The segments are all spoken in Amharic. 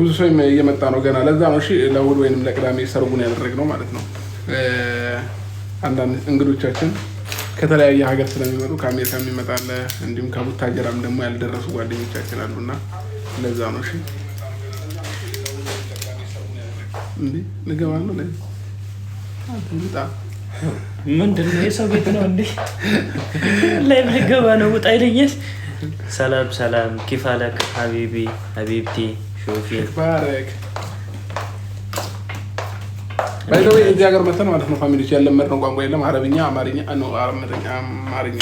ብዙ ሰው እየመጣ ነው ገና። ለዛ ነው እሺ፣ ለእሑድ ወይንም ለቅዳሜ ሰርጉን ያደረግነው ማለት ነው። አንዳንድ እንግዶቻችን ከተለያየ ሀገር ስለሚመጡ ከአሜሪካ የሚመጣለ እንዲሁም ከቡታጀራም ደግሞ ያልደረሱ ጓደኞቻችን አሉ እና ለዛ ነው እሺ። እንዴ ንገባ ነው ላይ ውጣ ምንድን ነው የሰው ቤት ነው እንዴ ላይ ምንገባ ነው ውጣ ይለኛል። ሰላም ሰላም፣ ኪፋለክ ሀቢቢ ሀቢብቲ ሼክ ባይ ዘ ወይ እዚህ ሀገር መተን ማለት ነው ፋሚሊዎች ያለመድነው ቋንቋ የለም። አረብኛ፣ አማርኛ፣ አማርኛ፣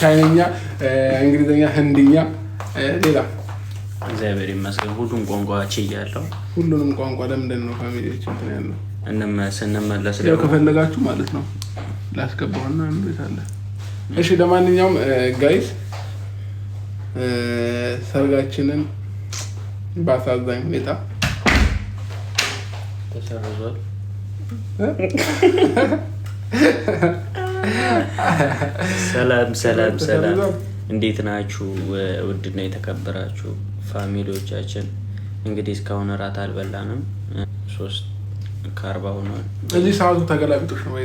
ቻይነኛ፣ እንግሊዝኛ፣ ህንድኛ፣ ሌላ እግዚአብሔር ይመስገን ሁሉም ቋንቋ ችያለሁ። ሁሉንም ቋንቋ ለምንድን ነው ፋሚሊዎች እንትን ያለው ስንመለስ ያው ከፈለጋችሁ ማለት ነው ላስገባውና እንቤታለ። እሺ ለማንኛውም ጋይስ ሰርጋችንን በአሳዛኝ ሁኔታ ተሰርዟል። ሰላም ሰላም ሰላም፣ እንዴት ናችሁ? ውድና የተከበራችሁ ፋሚሊዎቻችን እንግዲህ እስካሁን እራት አልበላንም። ሶስት ከአርባ ሆኗል። እዚህ ሰዓቱ ተገላቢጦሽ ነው።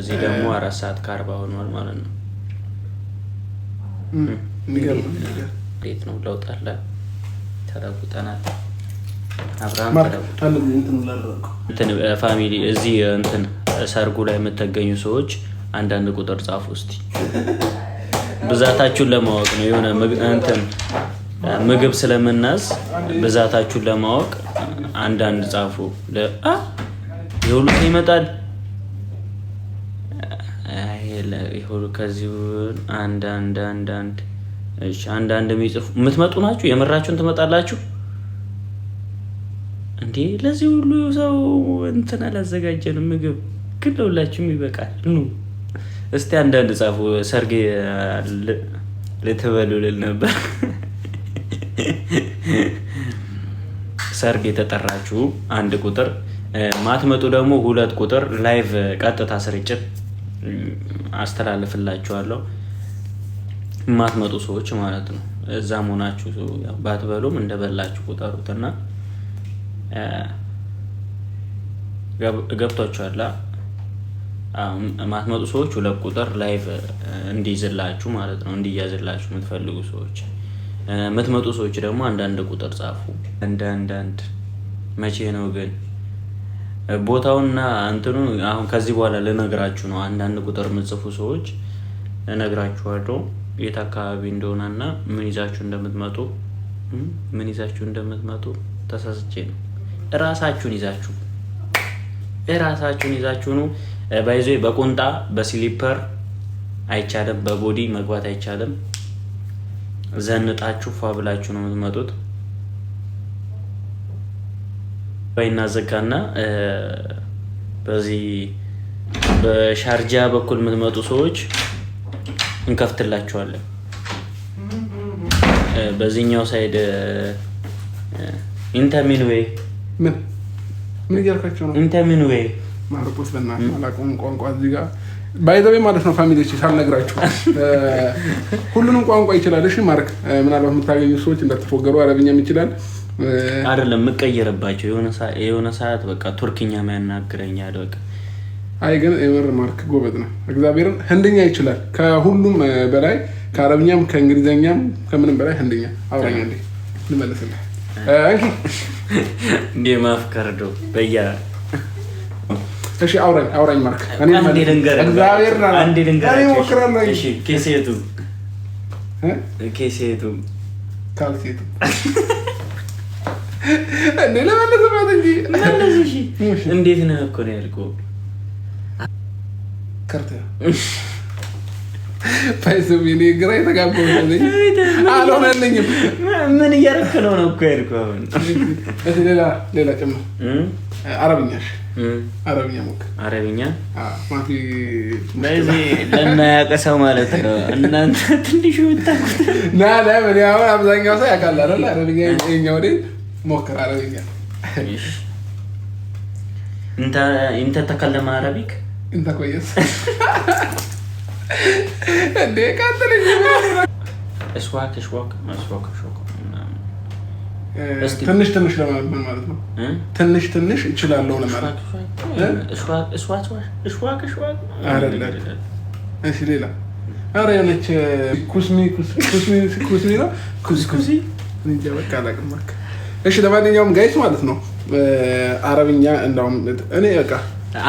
እዚህ ደግሞ አራት ሰዓት ከአርባ ሆኗል ማለት ነው። እንዴት ነው ለውጥ አለ? ተለውጠናል። አብርሃም ፋሚሊ እዚህ እንትን ሰርጉ ላይ የምትገኙ ሰዎች አንዳንድ ቁጥር ጻፉ እስቲ ብዛታችሁን ለማወቅ ነው። የሆነ እንትን ምግብ ስለምናዝ ብዛታችሁን ለማወቅ አንዳንድ ጻፉ። የሁሉ ይመጣል ከዚሁ አንድ አንድ እሺ አንዳንድ የሚጽፉ የምትመጡ ናችሁ? የምራችሁን ትመጣላችሁ እንዴ? ለዚህ ሁሉ ሰው እንትን አላዘጋጀንም። ምግብ ግን ለሁላችሁም ይበቃል። ኑ እስቲ አንዳንድ ጻፉ። ሰርግ ልትበሉ ልል ነበር። ሰርግ የተጠራችሁ አንድ ቁጥር፣ ማትመጡ ደግሞ ሁለት ቁጥር። ላይቭ ቀጥታ ስርጭት አስተላልፍላችኋለሁ። የማትመጡ ሰዎች ማለት ነው። እዛ መሆናችሁ ባትበሉም እንደበላችሁ ቁጠሩት እና ገብቷችኋል። ማትመጡ ሰዎች ሁለት ቁጥር ላይቭ እንዲይዝላችሁ ማለት ነው። እንዲያዝላችሁ የምትፈልጉ ሰዎች የምትመጡ ሰዎች ደግሞ አንዳንድ ቁጥር ጻፉ። እንደ አንዳንድ መቼ ነው ግን ቦታውና እንትኑ አሁን ከዚህ በኋላ ልነግራችሁ ነው። አንዳንድ ቁጥር የምጽፉ ሰዎች እነግራችኋለሁ። የት አካባቢ እንደሆነ እና ምን ይዛችሁ እንደምትመጡ ምን ይዛችሁ እንደምትመጡ ተሳስቼ ነው። እራሳችሁን ይዛችሁ እራሳችሁን ይዛችሁ ነው። ባይዞ በቁንጣ በስሊፐር አይቻልም፣ በቦዲ መግባት አይቻልም። ዘንጣችሁ ፏ ብላችሁ ነው የምትመጡት። ባይና ዘጋና በዚህ በሻርጃ በኩል የምትመጡ ሰዎች እንከፍትላቸዋለን። በዚህኛው ሳይድ ኢንተሚን ወይ ምን ምን እያልካቸው ነው? ኢንተሚን ወይ ማርቆስ በእናትህ አላውቀውም ቋንቋ እዚህ ጋር ባይዘቤ ማለት ነው። ፋሚሊዎች ሳልነግራችሁ ሁሉንም ቋንቋ ይችላል። እሺ ማርክ፣ ምናልባት የምታገኙ ሰዎች እንዳትፎገሩ፣ አረብኛም ይችላል አይደለም። የምቀየርባቸው የሆነ ሰዓት በቃ ቱርክኛ ያናግረኛል በቃ አይ ግን የምር ማርክ ጎበዝ ነው። እግዚአብሔርን ህንድኛ ይችላል ከሁሉም በላይ ከአረብኛም ከእንግሊዝኛም ከምንም በላይ ህንድኛ አውራኛ እንዴ ልመለስልህ እንዴ ማፍከርዶ በያ እሺ አውራኝ አውራኝ ማርክ ኬሴቱ ኬሴቱ ካልሴቱ እንዴ ለመለስበት እንጂ እንዴት ነህ እኮ ነው ያልኩህ ከርተ እኔ ግራ የተጋባ አልሆነልኝም። ምን እያደረክ ነው? ነው እኮ የሄድኩህ አሁን። ሌላ ሌላ ጭማ አረብኛ አረብኛ ሞክ አረብኛ ለማያውቅ ሰው ማለት ነው። እናንተ ትንሹ ና የምታውቁት አሁን አብዛኛው ሰው ያውቃል አይደል? አረብኛ የኛ ወደ ሞክር አረብኛ እንተ ተከለማ አረቢክ እንታ ቆየስ እንዴ ቀጥልኝ። እሽዋክ እሽዋክ እሽዋክ እሽዋክ ትንሽ ትንሽ ለማለት ማለት ነው። ትንሽ ትንሽ እችላለሁ ለማለት ሌላ ኧረ የሆነች ኩስሚ ነው እሺ ለማንኛውም ጋይስ ማለት ነው አረብኛ እንዳውም እኔ በቃ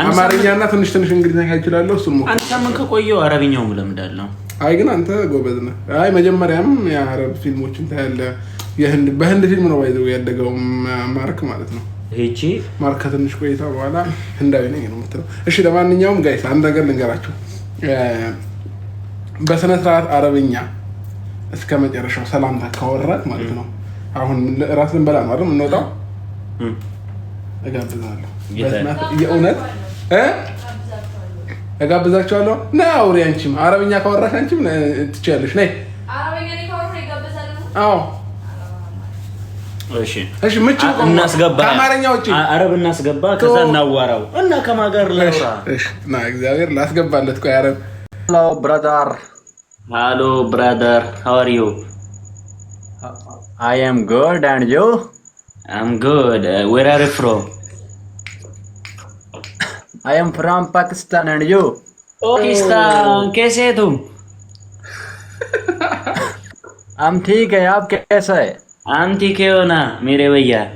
አማርኛና ትንሽ ትንሽ እንግሊዝኛ ይችላለሁ። እሱ አንድ ሳምንት ከቆየው አረብኛውም እለምዳለሁ። አይ ግን አንተ ጎበዝ ነህ። አይ መጀመሪያም የአረብ ፊልሞችን ታያለህ። በህንድ ፊልም ነው ባይዘው ያደገው ማርክ ማለት ነው። ሄቺ ማርክ ከትንሽ ቆይታ በኋላ ህንዳዊ ነኝ ነው የምትለው። እሺ ለማንኛውም ጋይስ አንድ ነገር ልንገራችሁ። በስነ ስርዓት አረብኛ እስከ መጨረሻው ሰላምታ ካወራት ማለት ነው። አሁን ራስ ልንበላ ነው አይደል? የምንወጣው እጋብዛለሁ የእውነት እጋብዛቸዋለሁ። ና አውሪ። አንቺም አረብኛ ካወራሽ አንቺም ትችያለሽ። ነይ። አዎ እሺ፣ ምቹ እናስገባ፣ ከአማርኛ አረብ እናስገባ፣ ከዛ እናዋራው እና ከማገር ለራ እግዚአብሔር ላስገባለት። ቆይ አረብ። ሄሎ ሄሎ ሃው አር ዩ? አይ አም ጉድ አንድ ዩ? አም ጉድ ዌር አር ዩ ፍሮም? I am from Pakistan and you Pakistan कैसे है तुम हम ठीक है आप कैसा है हम ठीक है ना मेरे भैया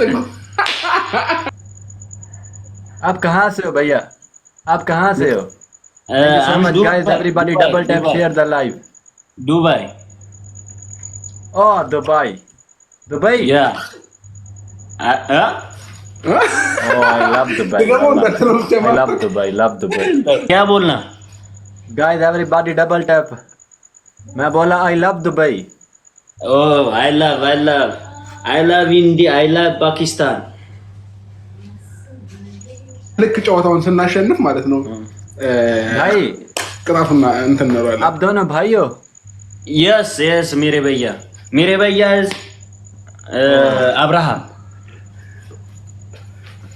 तो आप कहाँ से हो भैया आप कहाँ से हो double tap share the live Dubai oh Dubai Dubai या oh, क्या बोलना गाइस एवरीबॉडी डबल टैप मैं बोला I love Dubai I love I love I love India I love Pakistan ልክ ጨዋታውን ስናሸንፍ ማለት ነው भाई हो እንትን यस यस मेरे भैया मेरे भैया अब्राहम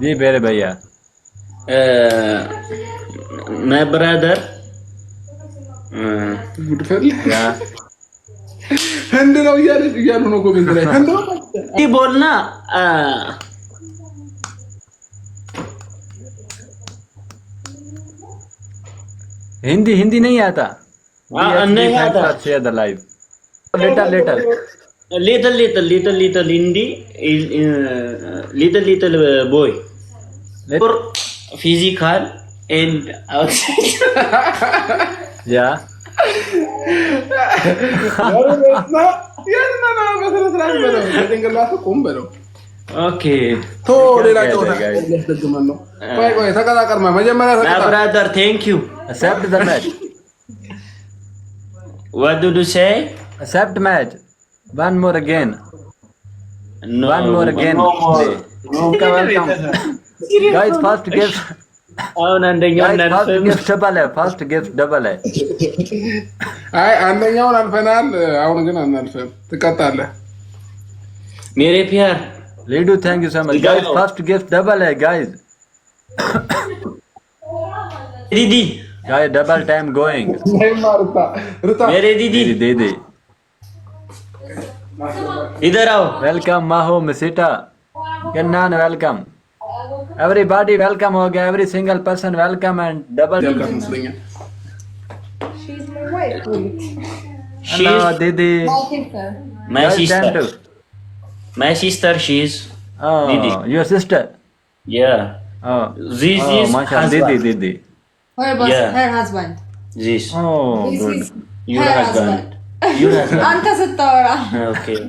जी मेरे भैया मैं ब्रदर हिंदी हिंदी नहीं आता little little little little Hindi little little boy ቁር ፊዚካል ኤንድ አውትሳይድ ያ ን guys first gift አሁን አንደኛውን አንፈን ጊፍት ደበለ ፋስት ጊፍት ደበለ። አይ አንደኛውን አልፈናል። አሁን ግን አናልፈም፣ ትቀጣለህ። ሜሪ ፒየር ሌዱ ታንክ ዩ ሶ ማች ጋይስ ፋስት ጊፍት ደበለ ጋይስ ዲዲ ጋይ ደብል ታይም ጎይንግ ሜሪ ዲዲ ዲዲ इधर आओ वेलकम माहो मिसिटा गन्नान welcome everybody welcome okay every single person welcome and double she's my wife hello didi my sister my sister my sister she's oh didi. your sister yeah oh this oh, is husband. didi didi her, yeah. her husband this oh this good. Is your her husband, husband. your husband anta okay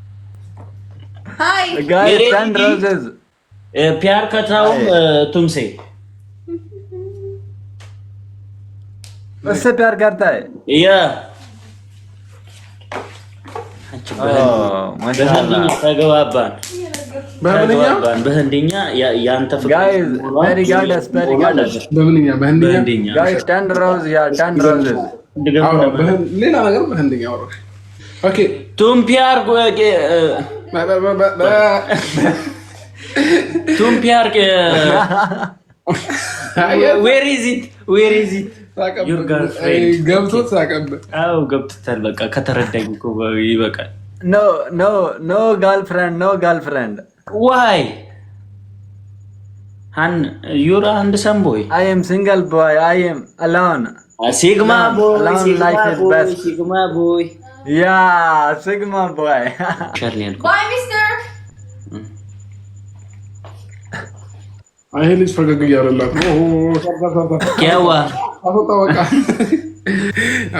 hi the guy ten roses ፒያር ከተውም ቱምሴ उससे प्यार करता ተግባባን ቱምፒያር तुम प्यार के ዌር ኢዝ ኢት ዌር ኢዝ ኢት ገብቶት ሳቀብ። አዎ ገብቶታል። በቃ ከተረዳኝ እኮ ይበቃል። ኖ ኖ ኖ ጋርልፍሬንድ ኖ ጋርልፍሬንድ ዋይ አን ዩር አንድ ሰም ቦይ አይ ኤም ሲንግል ቦይ አይ ኤም አሎን ሲግማ ቦይ ሲግማ ቦይ ያ ሲግማ ቦይ ሸርሊ ያልኩት ይሄ ልጅ ፈገግ እያለላት ነው።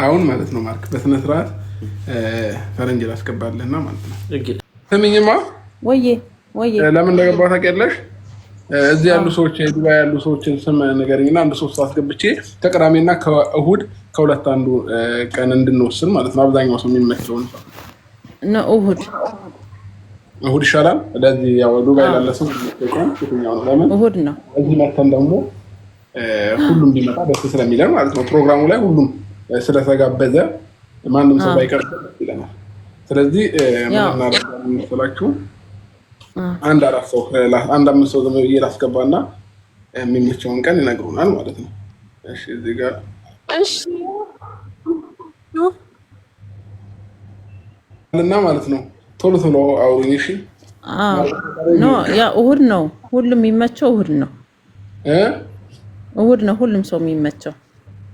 አሁን ማለት ነው ማርክ በስነ ስርዓት ፈረንጅ ላስገባልህና ማለት ነው። ስምኝማ ወይ ወይ ለምን እንደገባ ታውቂያለሽ? እዚህ ያሉ ሰዎች ዱባይ ያሉ ሰዎችን ስም ንገሪኝና አንድ ሶስት አስገብቼ ከቅዳሜና ከእሁድ ከሁለት አንዱ ቀን እንድንወስን ማለት ነው። አብዛኛው ሰው የሚመቸውን እሁድ እሁድ ይሻላል። ስለዚህ ያው ዱባይ ላለ ሰው የትኛው ነው? ለምን እሁድ ነው። እዚህ መተን ደግሞ ሁሉም ቢመጣ ደስ ስለሚለን ማለት ነው። ፕሮግራሙ ላይ ሁሉም ስለተጋበዘ ማንም ሰው ባይቀር ይለናል። ስለዚህ ምናረጋላችሁ አንድ አራት ሰው አንድ አምስት ሰው ዝም ብዬ ላስገባና የሚመቸውን ቀን ይነግሩናል ማለት ነው። እሺ እዚህ ጋር እሺ እና ማለት ነው ቶሎ ቶሎ አውሩኝ። እሺ ኖ ያ እሁድ ነው፣ ሁሉም የሚመቸው እሁድ ነው። እሁድ ነው ሁሉም ሰው የሚመቸው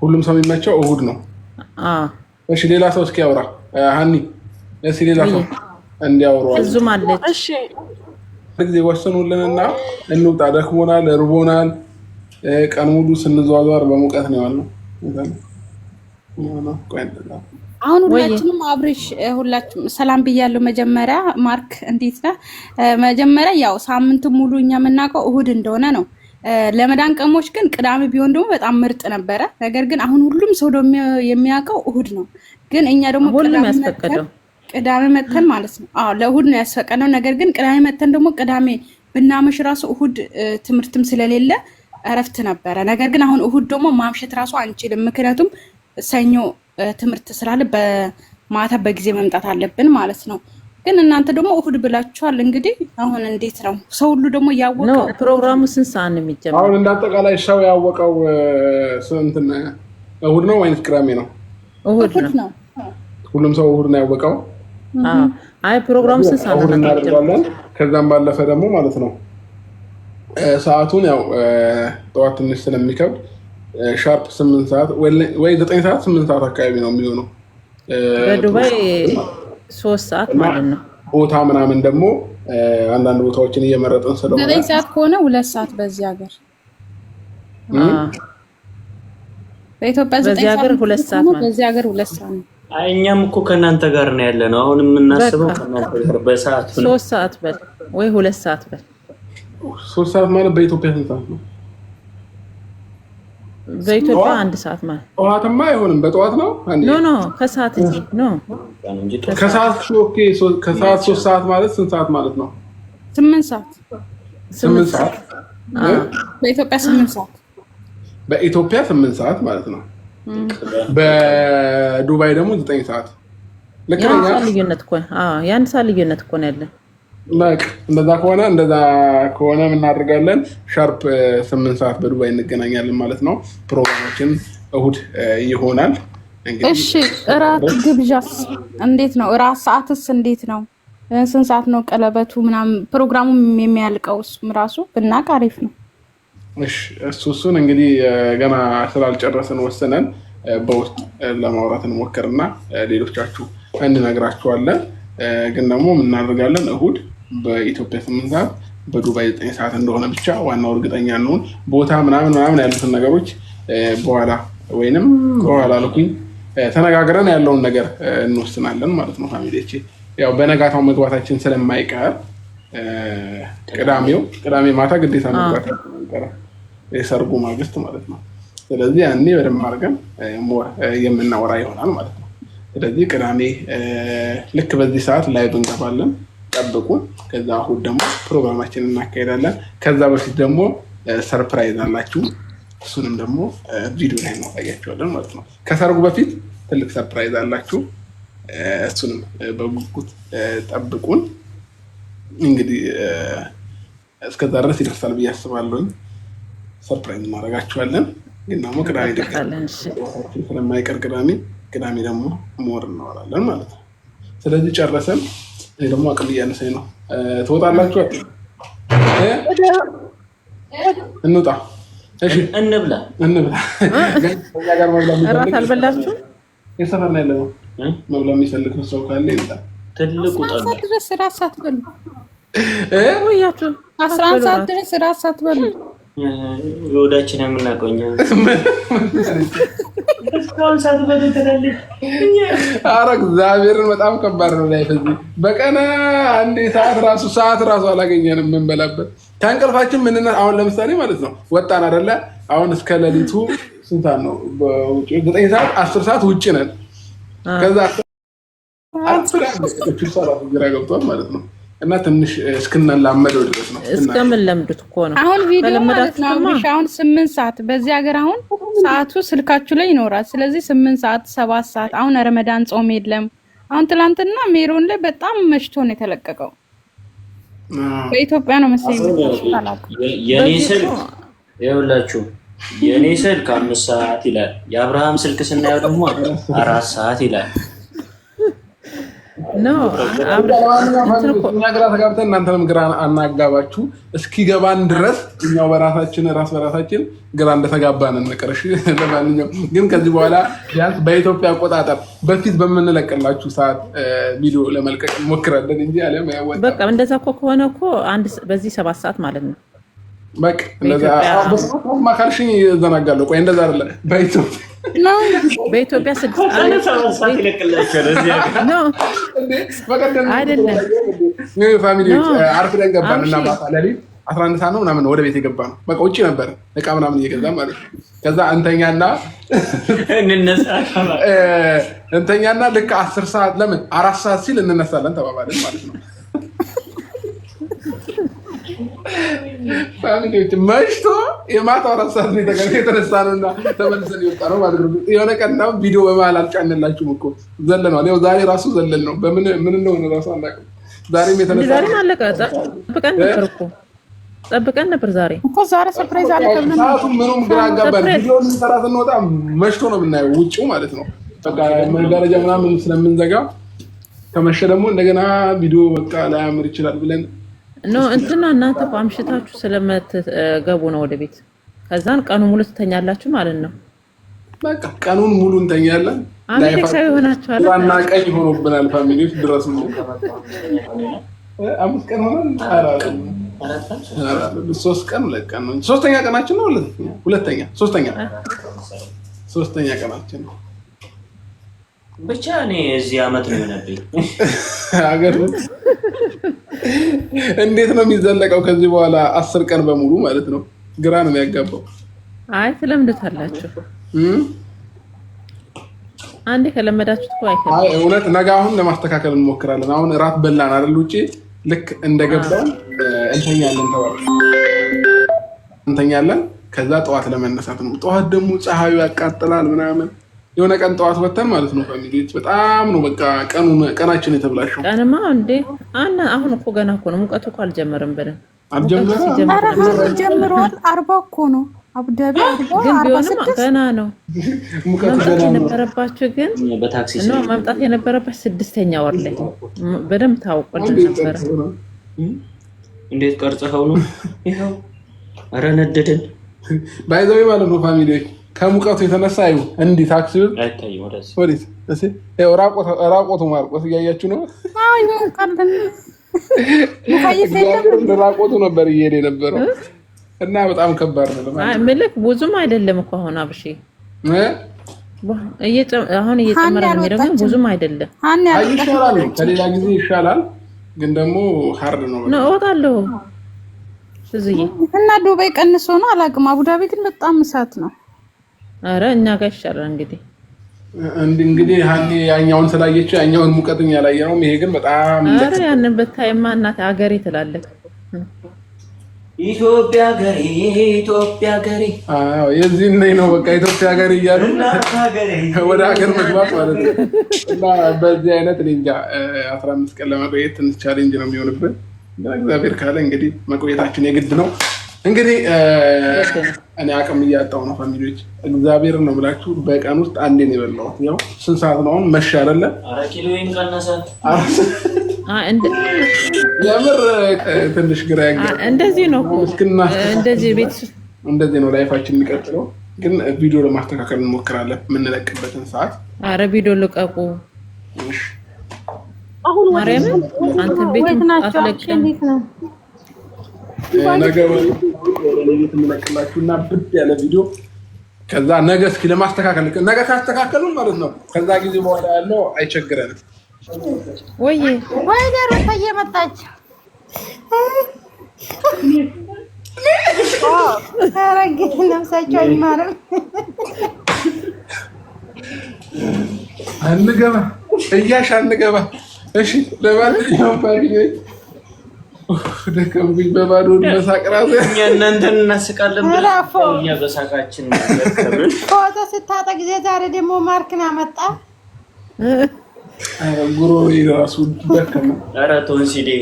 ሁሉም ሰው የሚመቸው እሁድ ነው። እሺ ሌላ ሰው እስኪ አውራ ሀኒ እስኪ ሌላ ሰው እንዲያውሩ እዙም አለች። እሺ ጊዜ ወስኑልንና እንውጣ። ደክሞናል፣ ርቦናል። ቀን ሙሉ ስንዘዋዘር በሙቀት ነው ያልነው። አሁን ሁላችንም አብሬሽ ሁላችሁም ሰላም ብያለሁ። መጀመሪያ ማርክ እንዴት ነህ? መጀመሪያ ያው ሳምንት ሙሉ እኛ የምናውቀው እሁድ እንደሆነ ነው። ለመዳን ቀሞች ግን ቅዳሜ ቢሆን ደግሞ በጣም ምርጥ ነበረ። ነገር ግን አሁን ሁሉም ሰው ደግሞ የሚያውቀው እሁድ ነው። ግን እኛ ደግሞ ቅዳሜ መተን ማለት ነው። አዎ ለእሁድ ነው ያስፈቀደው። ነገር ግን ቅዳሜ መተን ደግሞ ቅዳሜ ብናመሽ ራሱ እሁድ ትምህርትም ስለሌለ እረፍት ነበረ። ነገር ግን አሁን እሁድ ደግሞ ማምሸት ራሱ አንችልም። ምክንያቱም ሰኞ ትምህርት ስላለ በማታ በጊዜ መምጣት አለብን ማለት ነው። ግን እናንተ ደግሞ እሁድ ብላችኋል። እንግዲህ አሁን እንዴት ነው ሰው ሁሉ ደግሞ ያወቀው? ፕሮግራሙ ስንት ሰዓት ነው የሚጀምረው? አሁን እንዳጠቃላይ ሰው ያወቀው ስንትና እሁድ ነው ወይንስ ቅዳሜ ነው? እሁድ ነው። ሁሉም ሰው እሁድ ነው ያወቀው። አይ ፕሮግራሙ ስንት ሰዓት ነው እናደርጋለን። ከዛም ባለፈ ደግሞ ማለት ነው ሰዓቱን ያው ጠዋት ትንሽ ስለሚከብድ ሻርፕ ስምንት ሰዓት ወይ ዘጠኝ ሰዓት ስምንት ሰዓት አካባቢ ነው የሚሆነው በዱባይ ሶስት ሰዓት ማለት ነው። ቦታ ምናምን ደግሞ አንዳንድ ቦታዎችን እየመረጥን ስለሆነ ዘጠኝ ሰዓት ከሆነ ሁለት ሰዓት በዚህ ሀገር በኢትዮጵያ ዘጠኝ ሰዓት ሁለት ሰዓት ነው። በዚህ ሀገር ሁለት ሰዓት ነው። እኛም እኮ ከእናንተ ጋር ነው ያለ ነው። አሁን የምናስበው ከእናንተ ጋር በሰዓት ሶስት ሰዓት በል ወይ ሁለት ሰዓት በል ሶስት ሰዓት ማለት በኢትዮጵያ ስንት ሰዓት ነው? በኢትዮጵያ አንድ ሰዓት ማለት ጠዋትማ አይሆንም። በጠዋት ነው ኖ ኖ ከሰዓት እንጂ ኖ ከሰዓት ኦኬ። ከሰዓት ሶስት ሰዓት ማለት ስንት ሰዓት ማለት ነው? ስምንት ሰዓት ስምንት ሰዓት በኢትዮጵያ ስምንት ሰዓት በኢትዮጵያ ስምንት ሰዓት ማለት ነው። በዱባይ ደግሞ ዘጠኝ ሰዓት ልክ ልዩነት እኮ የአንድ ሰዓት ልዩነት እኮ ነው ያለን በቃ እንደዛ ከሆነ እንደዛ ከሆነ እናደርጋለን። ሻርፕ ስምንት ሰዓት በዱባይ እንገናኛለን ማለት ነው። ፕሮግራማችን እሁድ ይሆናል። እሺ እራት ግብዣስ እንዴት ነው? እራት ሰዓትስ እንዴት ነው? ስንት ሰዓት ነው ቀለበቱ ምናምን ፕሮግራሙ የሚያልቀው? እሱም ራሱ ብናቅ አሪፍ ነው። እሱ እሱን እንግዲህ ገና ስላልጨረስን ወስነን በውስጥ ለማውራት እንሞክርና ሌሎቻችሁ እንነግራችኋለን። ግን ደግሞ እናደርጋለን እሁድ በኢትዮጵያ ስምንት ሰዓት በዱባይ ዘጠኝ ሰዓት እንደሆነ ብቻ ዋናው እርግጠኛ እንሆን። ቦታ ምናምን ምናምን ያሉትን ነገሮች በኋላ ወይንም በኋላ ልኩኝ ተነጋግረን ያለውን ነገር እንወስናለን ማለት ነው። ፋሚሊቼ ያው በነጋታው መግባታችን ስለማይቀር ቅዳሜው ቅዳሜ ማታ ግዴታ መግባት የሰርጉ ማግስት ማለት ነው። ስለዚህ ያኔ በደንብ አድርገን የምናወራ ይሆናል ማለት ነው። ስለዚህ ቅዳሜ ልክ በዚህ ሰዓት ላይቭ እንገባለን። ጠብቁን። ከዛ እሑድ ደግሞ ፕሮግራማችንን እናካሄዳለን። ከዛ በፊት ደግሞ ሰርፕራይዝ አላችሁ። እሱንም ደግሞ ቪዲዮ ላይ እናሳያቸዋለን ማለት ነው። ከሰርጉ በፊት ትልቅ ሰርፕራይዝ አላችሁ። እሱንም በጉጉት ጠብቁን። እንግዲህ እስከዛ ድረስ ይደርሳል ብዬ አስባለሁኝ። ሰርፕራይዝ እናደርጋችኋለን። ግን ደግሞ ቅዳሜ ስለማይቀር ቅዳሜ ቅዳሜ ደግሞ ሞር እናወራለን ማለት ነው። ስለዚህ ጨረሰን። እኔ ደግሞ አቅል እያነሰኝ ነው። ትወጣላችሁ? እንውጣ፣ እንብላ፣ እንብላ። የሰፈር ላይ ያለው መብላ የሚፈልግ ሰው ካለ ይብላ። ትልቁ ድረስ እራት ሳትበሉ አስራ አንድ ሰዓት ድረስ እራት ሳትበሉ የወዳችን የምናውቀው እኛ እግዚአብሔርን በጣም ከባድ ነው። ላይ በቀን አንድ ሰዓት ራሱ ሰዓት ራሱ አላገኘንም የምንበላበት ከእንቅልፋችን አሁን ለምሳሌ ማለት ነው ወጣን አሁን እስከ ሌሊቱ ነው? ዘጠኝ ሰዓት አስር ሰዓት ውጭ ነን። ከዛ ገብቷል ማለት ነው እና ትንሽ እስክንላመደው ድረስ ነው። እስከምን እኮ ነው አሁን ቪዲዮ ማለት ነው። አሁን ስምንት ሰዓት በዚህ ሀገር አሁን ሰዓቱ ስልካችሁ ላይ ይኖራል። ስለዚህ ስምንት ሰዓት ሰባት ሰዓት አሁን ረመዳን ጾም የለም። አሁን ትላንትና ሜሮን ላይ በጣም መሽቶ ነው የተለቀቀው። በኢትዮጵያ ነው መሰለኝ። የኔ ስልክ ይኸውላችሁ፣ የኔ ስልክ አምስት ሰዓት ይላል። የአብርሃም ስልክ ስናየው ደግሞ አራት ሰዓት ይላል። ግራ ተጋብተን እናንተንም ግራ አናጋባችሁ። እስኪገባን ድረስ እኛው በራሳችን ራስ በራሳችን ግራ እንደተጋባን እንቅርሽ። ለማንኛውም ግን ከዚህ በኋላ ቢያንስ በኢትዮጵያ አቆጣጠር በፊት በምንለቅላችሁ ሰዓት ቪዲዮ ለመልቀቅ እንሞክራለን እንጂ ያለ በቃ እንደዛ እኮ ከሆነ እኮ አንድ በዚህ ሰባት ሰዓት ማለት ነው በቃ በሰማ ካልሽ እዘናጋለሁ። ቆይ እንደዛ አለ በኢትዮጵያ ፋሚሊዎች አርፍደን ገባን እና ማታ ለሊት አስራ አንድ ሰዓት ነው ምናምን ወደ ቤት የገባ ነው። በቃ ውጭ ነበር እቃ ምናምን እየገዛ ማለት ነው። ከዛ እንተኛና እንተኛና ልክ አስር ሰዓት ለምን አራት ሰዓት ሲል እንነሳለን ተባባልን ማለት ነው። ፋሚሊዎች መሽቶ የማታ አራት ሰዓት ነው የተነሳ እና ተመልሰን የወጣ ነው ማለት ነው። የሆነ ቪዲዮ በመሀል አልጫንላችሁም እኮ ዘለነዋል። ያው ዛሬ ራሱ ዘለል ነው። በምን ምን እንደሆነ ራሱ አናውቅም። ዛሬም ነበር እኮ ጠብቀን ነበር። ዛሬ እኮ ዛሬ ሰርፕራይዝ አለ። ሰዓቱ ምኑም ግራ ስንወጣ መሽቶ ነው የምናየው፣ ውጭው ማለት ነው። በቃ መጋረጃ ምናምን ስለምንዘጋ ከመሸ ደግሞ እንደገና ቪዲዮ በቃ ላያምር ይችላል ብለን ኖ እንትና እናንተ እኮ አምሽታችሁ ስለምትገቡ ነው ወደ ቤት። ከዛን ቀኑ ሙሉ ትተኛላችሁ ማለት ነው። በቃ ቀኑን ሙሉ እንተኛለን። አሜሪካ ይሆናችኋል። ዋና ቀኝ ሆኖብናል። ፋሚሊዎች ድረስ ነው አምስት ቀን ሆነን ሶስት ቀን ለቀን ነው። ሶስተኛ ቀናችን ነው። ሁለተኛ ሶስተኛ ሶስተኛ ቀናችን ነው። ብቻ እኔ እዚህ አመት ነው የሆነብኝ። አገር እንዴት ነው የሚዘለቀው? ከዚህ በኋላ አስር ቀን በሙሉ ማለት ነው። ግራ ነው የሚያጋባው። አይ ትለምዱታላችሁ። አንዴ ከለመዳችሁት እኮ እውነት ነገ አሁን ለማስተካከል እንሞክራለን። አሁን እራት በላን አይደል? ውጭ ልክ እንደገባን እንተኛለን ተባለ። እንተኛለን። ከዛ ጠዋት ለመነሳት ነው። ጠዋት ደግሞ ፀሐዩ ያቃጥላል ምናምን የሆነ ቀን ጠዋት ወተን ማለት ነው ፋሚሊዎች በጣም ነው በቃ ቀናችን የተብላሸው። ቀንማ እንዴ አና አሁን እኮ ገና እኮ ነው ሙቀቱ እኮ አልጀመረም። በደንብ አልጀመረም። ጀምሯል። አርባ እኮ ነው አቡዳቢ ግን ቢሆንም ገና ነው መምጣት የነበረባቸው ግን ነው መምጣት የነበረባቸው ስድስተኛ ወር ላይ በደንብ ታውቆልን ነበረ። እንዴት ቀርጽኸው ነው ይኸው። ኧረ ነደድን ባይዘዊ ማለት ነው ፋሚሊዎች ከሙቀቱ የተነሳ ይሁን እንዲህ ታክሲ ራቆቱ ማርቆት እያያችሁ ነው። ራቆቱ ነበር እየሄደ የነበረው እና በጣም ከባድ ነው። ምልክ ብዙም አይደለም እኮ አሁን አብሽ አሁን እየጨመረ የሚሄደው ግን ብዙም አይደለም። ይሻላል፣ ከሌላ ጊዜ ይሻላል። ግን ደግሞ ሀርድ ነው። እወጣለሁ እና ዱባይ ቀንሶ ነው አላውቅም። አቡዳቢ ግን በጣም እሳት ነው። አረ እኛ ጋር ይሻላል። እንግዲህ እንግዲህ ሀኒ ያኛውን ስላየችው ያኛውን ሙቀትኛ ያላየ ነው። ይሄ ግን በጣም አረ ያንን ብታይማ እናት አገሬ ትላለች። ኢትዮጵያ ገሪ ኢትዮጵያ ገሪ አዎ፣ የዚህ ነው በቃ ኢትዮጵያ እያሉ ወደ ሀገር መግባት ማለት ነው። እና በዚህ አይነት እንጃ 15 ቀን ለመቆየት ትንሽ ቻሌንጅ ነው የሚሆንብን። እግዚአብሔር ካለ እንግዲህ መቆየታችን የግድ ነው። እንግዲህ እኔ አቅም እያጣው ነው። ፋሚሊዎች እግዚአብሔር ነው ብላችሁ በቀን ውስጥ አንዴ ነው የበላሁት። ያው ስንት ሰዓት ነው አሁን? መሽ አለ የምር ትንሽ ግራ እንደዚህ ነው ላይፋችን የሚቀጥለው። ግን ቪዲዮ ለማስተካከል እንሞክራለን የምንለቅበትን ሰዓት። አረ ቪዲዮ ልቀቁ። አሁን ቤት ነው ነገ ቤት የምለቅላችሁ እና ብድ ያለ ቪዲዮ ከዛ ነገ እስኪ ለማስተካከል ነገ ካስተካከሉ ማለት ነው። ከዛ ጊዜ በኋላ ያለው አይቸግረንም። ወይ ወይ ደረሰ አይማርም። አንገባ እያሽ አንገባ። እሺ ለማንኛውም ፋሚሊዎች ደከምኩኝ በባዶ መሳቅራዘ እናንተን እናስቃለን። እኛ በሳቃችን ፎቶ ስታጠ ጊዜ ዛሬ ደግሞ ማርክን አመጣ። ጉሮ ራሱ ደከመ። ኧረ ቶንሲዴ